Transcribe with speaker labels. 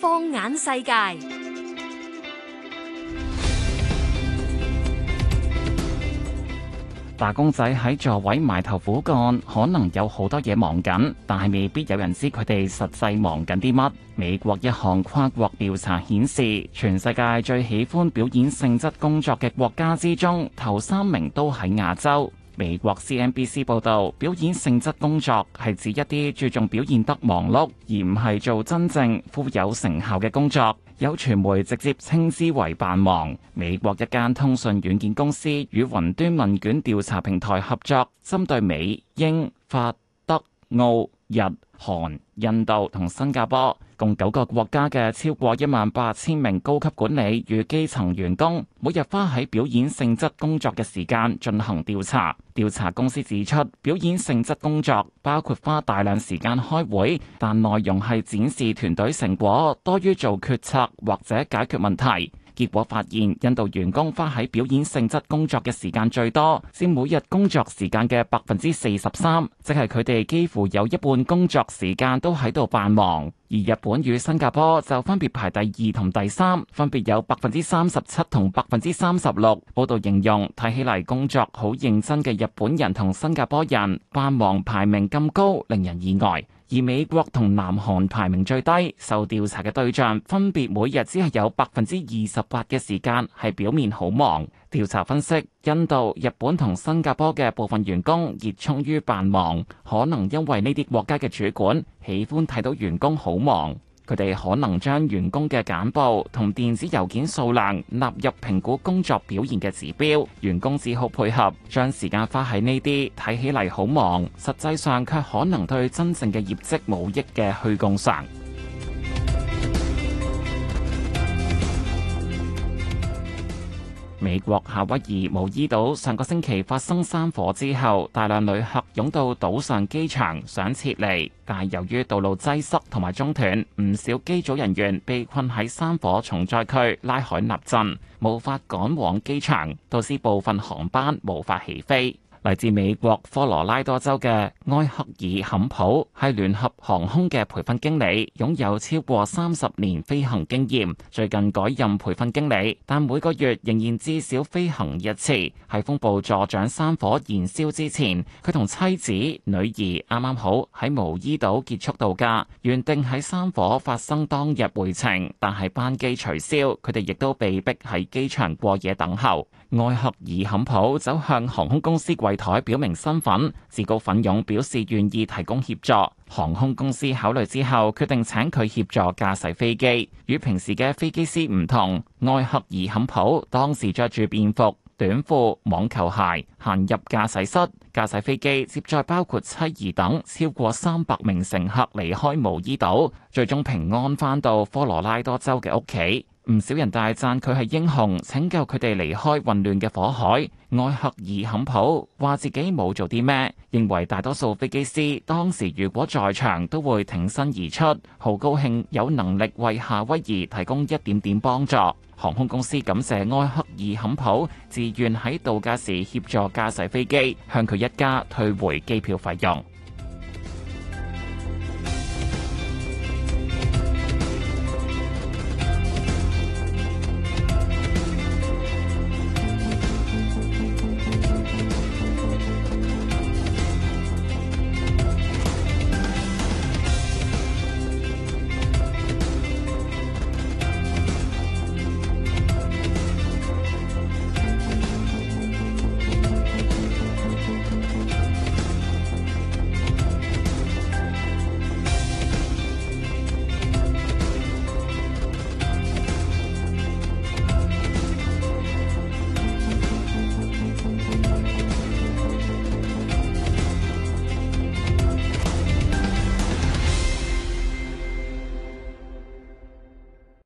Speaker 1: 放眼世界，打工仔喺座位埋頭苦幹，可能有好多嘢忙緊，但係未必有人知佢哋實際忙緊啲乜。美國一項跨國調查顯示，全世界最喜歡表演性質工作嘅國家之中，頭三名都喺亞洲。美國 CNBC 報導，表演性質工作係指一啲注重表現得忙碌，而唔係做真正富有成效嘅工作。有傳媒直接稱之為扮忙。美國一間通訊軟件公司與雲端問卷調查平台合作，針對美、英、法、德、澳、日、韓、印度同新加坡，共九個國家嘅超過一萬八千名高級管理與基層員工，每日花喺表演性質工作嘅時間進行調查。調查公司指出，表演性質工作包括花大量時間開會，但內容係展示團隊成果，多於做決策或者解決問題。結果發現，印度員工花喺表演性質工作嘅時間最多，佔每日工作時間嘅百分之四十三，即係佢哋幾乎有一半工作時間都喺度扮忙。而日本與新加坡就分別排第二同第三，分別有百分之三十七同百分之三十六。報道形容，睇起嚟工作好認真嘅日本人同新加坡人，扮忙排名咁高，令人意外。而美國同南韓排名最低，受調查嘅對象分別每日只係有百分之二十八嘅時間係表面好忙。調查分析，印度、日本同新加坡嘅部分員工熱衷於扮忙，可能因為呢啲國家嘅主管喜歡睇到員工好忙。佢哋可能將員工嘅簡報同電子郵件數量納入評估工作表現嘅指標，員工只好配合，將時間花喺呢啲睇起嚟好忙，實際上卻可能對真正嘅業績冇益嘅虛功上。美國夏威夷毛伊島上個星期發生山火之後，大量旅客湧到島上機場想撤離，但由於道路擠塞同埋中斷，唔少機組人員被困喺山火重災區拉海納鎮，無法趕往機場，導致部分航班無法起飛。嚟自美國科羅拉多州嘅埃克爾坎普係聯合航空嘅培訓經理，擁有超過三十年飛行經驗。最近改任培訓經理，但每個月仍然至少飛行一次。喺風暴助長山火燃燒之前，佢同妻子、女兒啱啱好喺毛伊島結束度假，原定喺山火發生當日回程，但係班機取消，佢哋亦都被逼喺機場過夜等候。埃克爾坎普走向航空公司櫃台表明身份，自告奮勇表示願意提供協助。航空公司考慮之後，決定請佢協助駕駛飛機。與平時嘅飛機師唔同，埃克爾坎普當時着住便服、短褲、網球鞋，行入駕駛室駕駛飛機，接載包括妻兒等超過三百名乘客離開毛伊島，最終平安翻到科羅拉多州嘅屋企。唔少人大讚佢係英雄，拯救佢哋離開混亂嘅火海。埃克爾坎普話自己冇做啲咩，認為大多數飛機師當時如果在場都會挺身而出，好高興有能力為夏威夷提供一點點幫助。航空公司感謝埃克爾坎普自願喺度假時協助駕駛飛機，向佢一家退回機票費用。